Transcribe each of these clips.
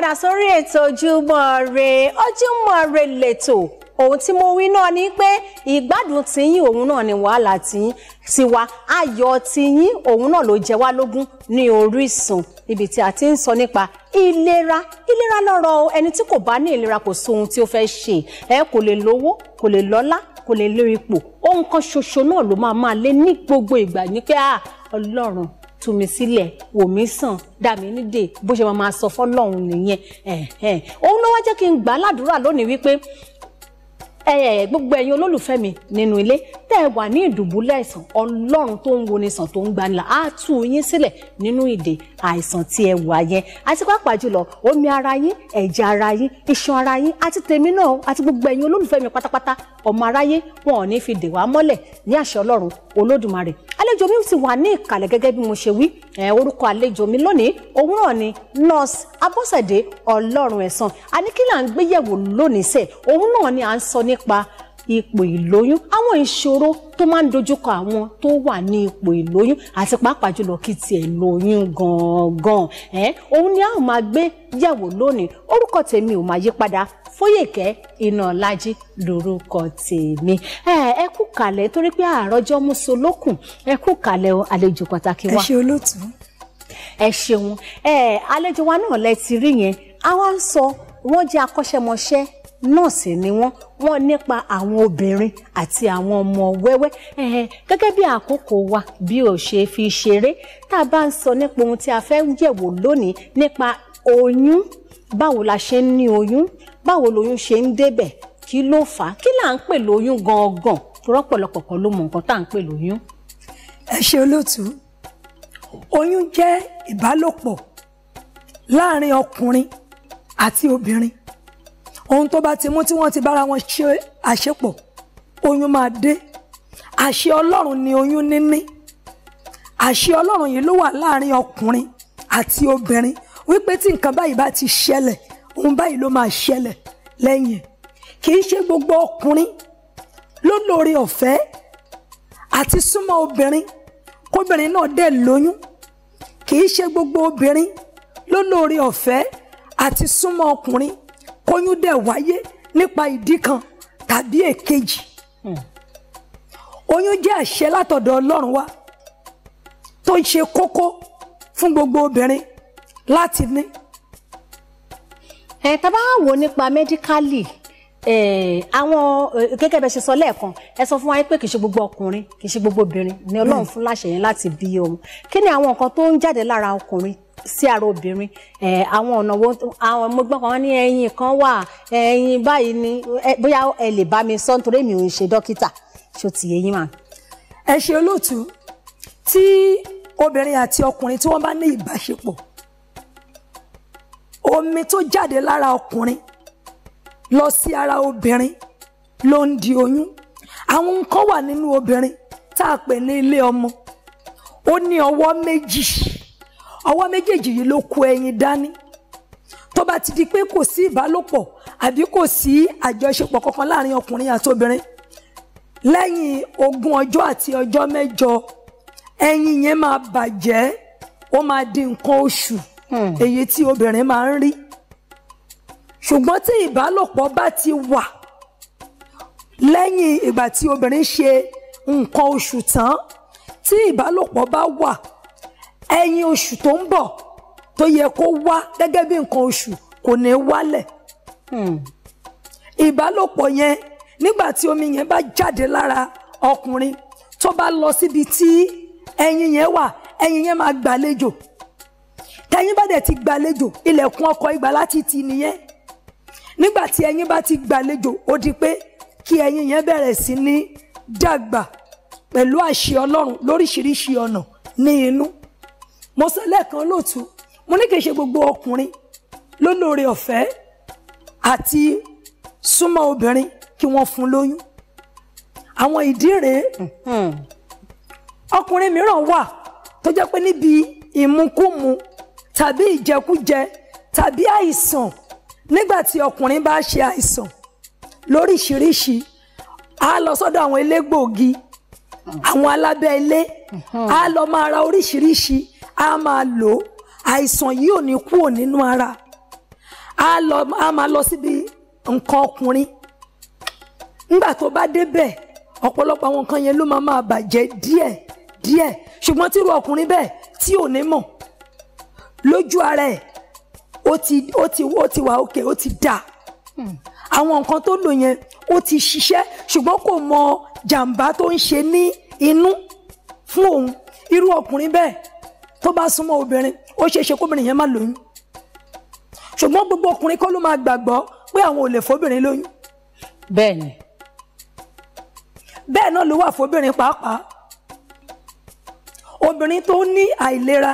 padà sórí ètò ojúmọ́ re ojúmọ́ re lẹ́tọ̀ ohun tí mo wí náà ni pé ìgbádùn tiyín òun náà ni wàhálà tiyín tiwa ayọ̀ tiyín òun náà ló jẹ wá lógún ní Orísun níbi tí a ti ń sọ nípa ìlera ìlera lọ́rọ̀ o ẹni tí kò bá ní ìlera kò sí ohun tí ó fẹ́ ṣe ẹ kò lè lówó kò lè lọ́lá kò lè lo ipò ohun kan ṣoṣo náà ló máa máa lé ní gbogbo ìgbà ní pé Ọlọ́run tú mi sílẹ̀ wò mí sàn dà mí nídè bó ṣe máa sọ fọ́lọ́run nìyẹn òun ló wá jẹ́ kí n gbà á ládùúrà lónìí wípé gbogbo ẹ̀yin olólùfẹ́ mi nínú ilé tẹ́ ẹ wà ní ìdùbúlẹ̀ àìsàn ọlọ́run tó ń woni sàn tó ń gbanilà á tú yín sílẹ̀ nínú ìdè àìsàn tí ẹ wà yẹn àti pàápàá jùlọ omi ara yín ẹ̀jẹ̀ ara yín iṣan ara yín àti tèmi náà àti gbogbo ẹ̀yin olólùfẹ́ mi pátápátá ọmọ aráyé wọn ò ní fi dè wá mọ́lẹ̀ ní àṣẹ ọlọ́run olódùmarè àlejò mi ti wà ní ìkàlẹ̀ gẹ́gẹ́ bí mo ṣe wí orúkọ àlejò mi lónìí òun ni nurse abọ́sẹ̀dé ọlọ́run ẹ̀sán àní ń gbéyẹ̀wò lónìí sẹ̀ òun náà ni à ń sọ nípa ipò ìlóyún àwọn ìṣòro tó máa ń dojúkọ àwọn tó wà ní ipò ìlóyún àti pàápàá jùlọ kí tiẹ̀ lóyún gangan ẹ òun ni a ó máa gbé yẹ̀wò lónìí orúkọ tèmi ò máa yí padà Fóyèkẹ́ Ináolájí lórúkọ tèmi ẹ ẹ kú kàlẹ̀ torí pé àròjọ mùsùlùkùn ẹ kú kàlẹ̀ o àlejò pàtàkì wa ẹ ṣe olóòtú ẹ ṣeun ẹ àlejò wa náà lẹ ti rí yẹn àwa sọ wọ́n jẹ́ akọ́ṣẹ́mọṣẹ́ nọ́ọ̀sì ni wọ́n wọ́n nípa àwọn obìnrin àti àwọn ọmọ wẹ́wẹ́ gẹ́gẹ́ bí àkókò wa bí ò ṣe fi ṣeré tá a bá ń sọ nípa ohun tí a fẹ́ yẹ̀wò lónìí nípa oyún báwo la ṣe ń ní oyún báwo lóyún ṣe ń débẹ̀ kí ló fà á kí là ń pè lóyún gangan rọ́pọ̀lọpọ̀ kan ló mọ nǹkan tá à ń pè lóyún. ẹ ṣe olóòtú oyún jẹ́ ìbálòpọ̀ láàárín ọkùnrin àti obìnrin ohun tó bá ti mú tí wọ́n ti bára wọn ṣe àṣepọ̀ oyún máa dé àṣẹ ọlọ́run ni oyún níní àṣẹ ọlọ́run yìí ló wà láàrin ọkùnrin àti obìnrin wípé tí nǹkan báyìí bá ti ṣẹlẹ̀ ohun báyìí ló máa ṣẹlẹ̀ lẹ́yìn kì í ṣe gbogbo ọkùnrin ló lóore ọ̀fẹ́ àti súnmọ́ obìnrin kóbìnrin náà dẹ̀ lóyún kì í ṣe gbogbo obìnrin ló lóore ọ̀fẹ́ àti súnmọ́ ọkùnrin kóyún dẹ̀ wáyé nípa ìdí kan tàbí èkejì hmm. oyún jẹ́ àṣẹ látọ̀dọ̀ Ọlọ́run wa tó ń ṣe kókó fún gbogbo obìnrin láti ní. ẹ tá bá wò nípa mẹ́díkálì Eh, àwọn eh, gẹ́gẹ́ bẹ ṣe sọ lẹ́ẹ̀kan ẹ sọ fún wa pé kì í ṣe gbogbo ọkùnrin kì í ṣe gbogbo obìnrin ni hmm. Ọlọ́run fún láṣẹ yẹn láti bí ọmọ kí ni àwọn nǹkan tó ń jáde lára ọkùnrin sí ara obìnrin eh, àwọn ọ̀nà wo àwọn ọmọgbọ́n kan ní ẹyin kan wà ẹyin báyìí ni bóyá ẹ lè bá mi sọ nítorí mi ò ń ṣe dókítà ṣó ti yé yín mà. ẹ ṣe olóòtú tí obìnrin àti ọkùnrin tí wọ́n bá ní ìbáṣepọ̀ omi tó jáde lára ọkùnrin lọ sí ara obìnrin ló ń di oyún àwọn nǹkan wà nínú obìnrin tá a pè ní ilé ọmọ ó ní ọwọ́ méjì ọwọ́ méjèèjì yìí ló kó ẹyin dání tó bá ti di pé kò sí ìbálòpọ̀ àbí kò sí àjọṣepọ̀ kankan láàrin ọkùnrin àti obìnrin lẹ́yìn ogún ọjọ́ àti ọjọ́ mẹ́jọ ẹyin yẹn máa bàjẹ́ ó máa di nǹkan oṣù hmm. èyí tí obìnrin máa ń rí ṣùgbọ́n tí ìbálòpọ̀ bá ti wà lẹ́yìn ìgbà tí obìnrin ṣe nǹkan oṣù tán tí ìbálòpọ̀ bá wà ẹ̀yìn oṣù tó ń bọ̀ tó yẹ kó wá gẹ́gẹ́ bí nǹkan oṣù kò ní wálẹ̀ hmm. ìbálòpọ̀ yẹn nígbà tí omi yẹn bá jáde lára ọkùnrin tó bá lọ síbi tí ẹyin yẹn wà ẹyin yẹn máa gbàlejò tẹyin bá dẹ̀ ti gbàlejò ilẹ̀kùn ọkọ̀ ìgbà láti tì nìyẹn nígbà tí ẹyin bá ti gbàlejò ó di pé kí ẹyin yẹn bẹ̀rẹ̀ sí ní dàgbà pẹ̀lú àṣẹ ọlọ́run lóríṣiríṣi ọ̀nà ní inú mo sọ lẹ́ẹ̀kan lóòtú mo ní kì í ṣe gbogbo ọkùnrin lólóore ọ̀fẹ́ àti súnmọ́ obìnrin kí wọ́n fún lóyún àwọn ìdí rèé hmm. ọkùnrin mìíràn wà tó jẹ́ pé níbi ìmukúmu tàbí ìjẹkújẹ tàbí àìsàn nígbà tí ọkùnrin bá ṣe àìsàn lóríṣiríṣi á lọ sọ́dọ̀ àwọn elégbòogi àwọn alábẹ́ ilé á lọ máa ra oríṣiríṣi á máa lò àìsàn yìí ò ní kúrò nínú ara á lọ á máa lọ síbi nǹkan ọkùnrin nígbà tó bá débẹ̀ ọ̀pọ̀lọpọ̀ àwọn nǹkan yẹn ló máa máa bàjẹ́ díẹ̀ díẹ̀ ṣùgbọ́n tírú ọkùnrin bẹ́ẹ̀ tí ò ní mọ̀ lójú ara ẹ̀ ó ti ó ti ó ti wà òkè ó ti dà hmm. àwọn nǹkan tó lò yẹn ó ti ṣiṣẹ́ ṣùgbọ́n kò mọ jàǹbá tó ń ṣe ní inú fún òun irú ọkùnrin bẹ́ẹ̀ tó bá súnmọ́ obìnrin ó ṣe é ṣe kóbìnrin yẹn má lóyún ṣùgbọ́n gbogbo ọkùnrin kọ́ ló máa gbàgbọ́ pé àwọn ò lè fóbìnrin lóyún. bẹ́ẹ̀ ni. bẹ́ẹ̀ náà ló wà fóbìnrin pàápàá obìnrin tó ní àìlera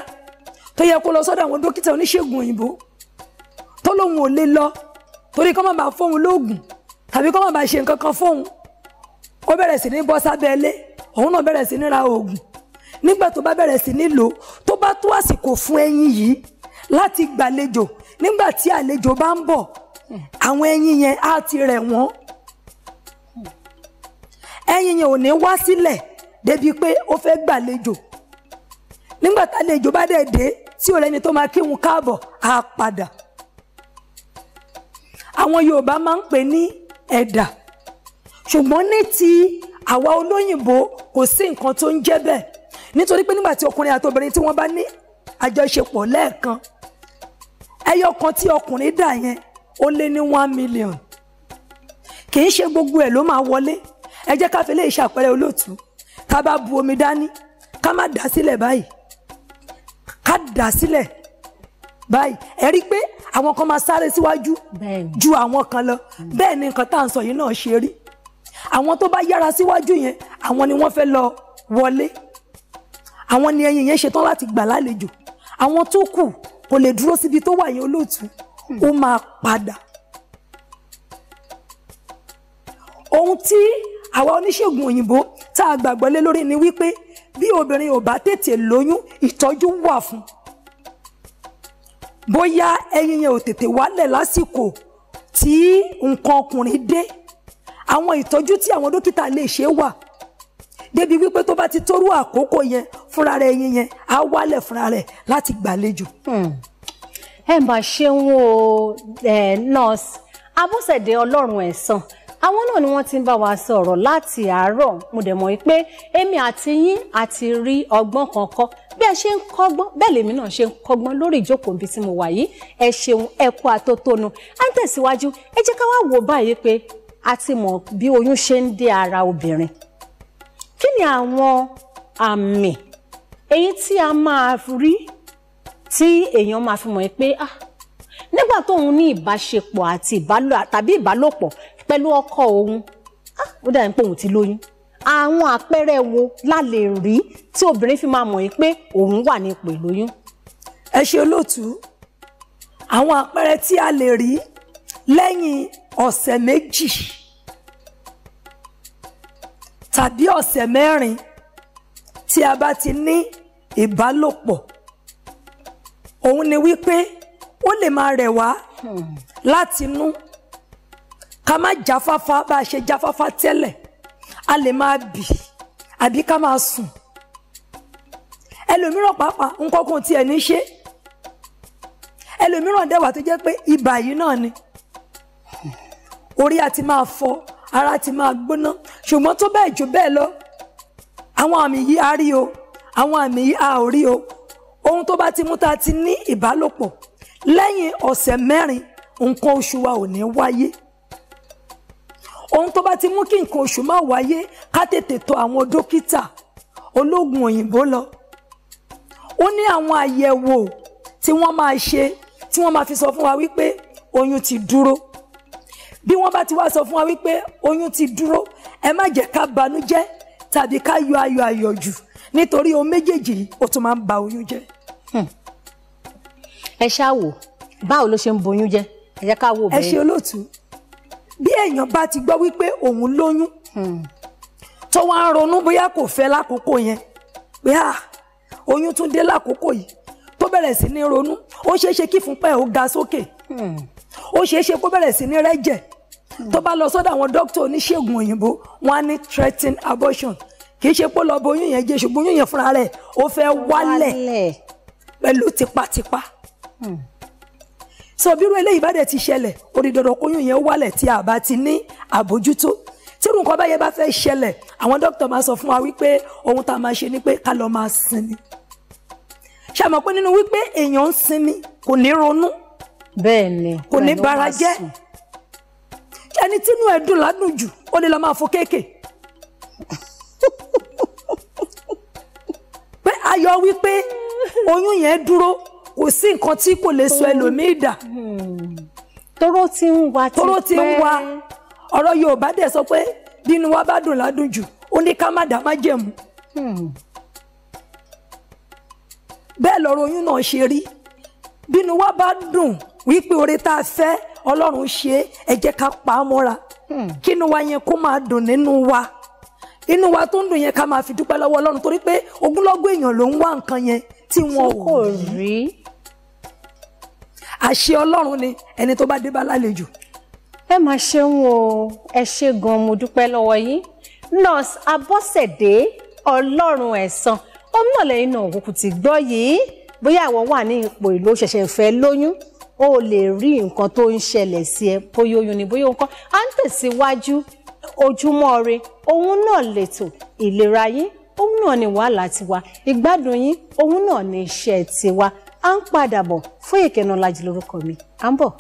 tó yẹ kó lọ sọ́dọ̀ àwọn dókítà oníṣègùn òyìnbó lóun ò lè lọ torí kọ́ máa bá fóun lóògùn tàbí kọ́ máa bá ṣe nǹkan kan fóun ó bẹ̀rẹ̀ sí ní bọ́ sábẹ́ ilé òun náà bẹ̀rẹ̀ sí ní ra oògùn nígbà tó bá bẹ̀rẹ̀ sí ní lò tó bá tó àsìkò fún ẹyin yìí láti gbàlejò nígbà tí àlejò bá ń bọ̀ àwọn ẹyin yẹn á ti rẹ̀ wọ́n ẹyin yẹn ò ní wá sílẹ̀ débi pé ó fẹ́ gbàlejò nígbà tálejò bá dẹ̀ dé tí ò lẹ́ni tó máa kí wọn káàbọ̀ á padà àwọn Yorùbá máa ń pè ní ẹ̀dà ṣùgbọ́n ní ti àwa olóyìnbó kò sí nǹkan tó ń jẹ́ bẹ́ẹ̀ nítorí pé nígbà tí ọkùnrin àti obìnrin tí wọ́n bá ní àjọṣepọ̀ lẹ́ẹ̀kan ẹyọ kan tí ọkùnrin dà yẹn ó lé ní one million kì í ṣe gbogbo ẹ̀ ló máa wọlé ẹ jẹ́ ká fi lè ṣàpẹẹrẹ olóòtú ká bá bu omi dání ká má dà sílẹ̀ báyìí ká dà sílẹ̀ báyìí ẹ rí pé àwọn kan máa sáré síwájú ju àwọn kan lọ hmm. bẹ́ẹ̀ ni nǹkan tá à ń sọ yìí náà ṣe rí àwọn tó bá yára síwájú yẹn àwọn ni wọ́n fẹ́ lọ wọlé àwọn ni ẹyin yẹn ṣetán láti gbà lálejò àwọn tó kù kò lè dúró síbi tó wà yẹn olóòtú hmm. ó máa padà ohun tí àwa oníṣègùn òyìnbó tá a gbàgbọ́ lé lórí ni wípé bí obìnrin ò bá tètè lóyún ìtọ́jú wà fún un bóyá ẹyin yẹn ò tètè wálẹ̀ lásìkò tí nǹkan ọkùnrin dé àwọn ìtọ́jú tí àwọn dókítà lè ṣe wà débi wípé tó bá ti tóró àkókò yẹn fúnra rẹ̀ ẹyin yẹn á wálẹ̀ fúnra rẹ̀ láti gbàlejò. Hmm. ẹ mà ṣeun o nurse Abọ́sẹ̀dé Ọlọ́run ẹ̀san àwọn náà ni wọ́n ti ń bá wa sọ̀rọ̀ láti àárọ̀ mo dẹ̀ mọ̀ pé èmi àti yín àti rí ọgbọ́n kankan bí ẹ ṣe ń kọ́gbọ́n bẹ́ẹ̀ lèmi náà ṣe ń kọ́gbọ́n lórí ìjókòó ibi tí mo wà yìí ẹ ṣeun ẹ kú àtótónu à ń tẹ̀síwájú ẹ jẹ́ ká wá wò báyìí pé a ti mọ̀ bí oyún ṣe ń dé ara obìnrin kí ni àwọn àmì èyí tí a máa rí tí èèyàn máa fi mọ̀ ẹ́ pé ah nígbà tóun ní ìbáṣepọ̀ àti ìbálò tàbí ìbálòpọ̀ pẹ̀lú ọkọ òun ah ó dàbí pé òun ti lóyún àwọn àpẹẹrẹ wo la lè rí tí obìnrin fi máa mọ̀ yìí pé òun wà ní ipò ìlóyún. ẹ ṣe olóòtú àwọn àpẹẹrẹ tí a lè rí lẹ́yìn ọ̀sẹ̀ méjì tàbí ọ̀sẹ̀ mẹ́rin tí a bá ti ní ìbálòpọ̀ òun ni wípé ó lè máa rẹ̀ wá látinú ká má jáfáfá bá a ṣe jáfáfá tẹ́lẹ̀ a lè máa bì àbí ká máa sùn ẹlòmíràn pàápàá nǹkan kan tiẹ̀ ní ṣe ẹlòmíràn dẹ̀wà tó jẹ́ pé ibà yìí náà ni orí àti máa fọ ara ti máa gbóná ṣùgbọ́n tó bẹ́ẹ̀ jù bẹ́ẹ̀ lọ àwọn àmì yìí a rí o àwọn àmì yìí a rí o ohun tó bá ti mú ta ti ní ìbálòpọ̀ lẹ́yìn ọ̀sẹ̀ mẹ́rin nǹkan oṣù wa ò ní wáyé ohun tó bá ti mú kí nǹkan oṣù má wáyé ká tètè tọ̀ àwọn dókítà ológun òyìnbó lọ ó ní àwọn àyẹ̀wò tí wọ́n máa ṣe tí wọ́n máa fi sọ fún wa wípé oyún ti dúró bí wọ́n bá ti wá sọ fún wa wípé oyún ti dúró ẹ má jẹ́ ká banújẹ́ tàbí ká yọ ayọ̀ ayọ̀ jù nítorí ohun méjèèjì ó tún máa ń ba oyún jẹ́. Hmm. ẹ ṣáà wò báwo ló ṣe ń boyún jẹ́ ẹ jẹ́ ká wò bẹ́ẹ̀. ẹ ṣe olóòtú bí èèyàn bá ti gbọ́ wípé òun lóyún hmm. tó wá ń ronú bóyá kò fẹ́ lákòókò yẹn pé à oyún tún dé lákòókò yìí tó bẹ̀rẹ̀ sí ní ronú ó ṣeé ṣe kí ìfúnpá ẹ̀ ó ga sókè hmm. ó ṣeé ṣe kó bẹ̀rẹ̀ sí ní rẹ́jẹ̀ hmm. tó bá lọ sọ́dọ̀ àwọn dókítà oníṣègùn òyìnbó wọ́n á ní threatening abortion kì í ṣe pé lọ́ọ́ bo oyún yẹn jẹ́ ṣùgbọ́n oyún yẹn fúnra rẹ̀ ó fẹ́ wálẹ̀ pẹ̀lú tipátipá so bírú eléyìí bá dẹ̀ ti ṣẹlẹ̀ orí dandan kóyún yẹn wálẹ̀ tí a bá ti ní àbójútó tí nǹkan báyẹn bá fẹ́ ṣẹlẹ̀ àwọn dókítà máa sọ fún wa wípé ohun tá a máa ṣe ni pé ká lọ máa sinmi ṣàmọ̀ pé nínú wípé èèyàn ń sinmi kò ní ronú bẹ́ẹ̀ni kò ní bara jẹ́ ẹni tínú ẹ̀ dùn ládùn jù ó lè lọ máa fo kéèkè pé ayọ̀ wípé oyún yẹn dúró kò sí nǹkan tí kò lè sọ ẹlòmíì dà. Hmm. tóró ti ń wa ti pẹ́ tóró ti ń wa ọ̀rọ̀ Yorùbá dẹ̀ sọ pé bínú wa bá dùn ládùn jù ó ní ká má dá má jẹ̀mú. Hmm. bẹ́ẹ̀ lọ́rọ̀ oyún náà ṣe rí bínú wa bá dùn wípé oore tá a fẹ́ Ọlọ́run ṣe ẹ jẹ́ ká pa á mọ́ra hmm. kínú wa yẹn kó máa dùn nínú wa inú wa tó ń dùn yẹn ká máa fi dúpẹ́ lọ́wọ́ Ọlọ́run torí pé ogúnlọ́gọ̀ èèyàn ló ń wá nǹkan yẹn tí wọn ò rí àṣẹ ọlọ́run ni ẹni tó bá dé bá lálejò. ẹ máa ṣeun o ẹ ṣe gan-an mo dúpẹ́ lọ́wọ́ yín nurse abọ́sẹ̀dé ọlọ́run ẹ̀san òun náà lẹ́yìn náà kúkú ti gbọ́ yìí bóyá ìwọ wà ní ipò ìlú ṣẹ̀ṣẹ̀ fẹ́ lóyún o lè rí nǹkan tó ń ṣẹlẹ̀ sí ẹ bóyá oyún ni bóyá nǹkan à ń tẹ̀síwájú ojúmọ́ re òun náà lètò ìlera yín òun náà ni wàhálà tiwa ìgbádùn yín òun náà ni iṣẹ́ tiwa à ń padà bọ̀ Foyeke Inaolaji lórúkọ mi à ń bọ̀.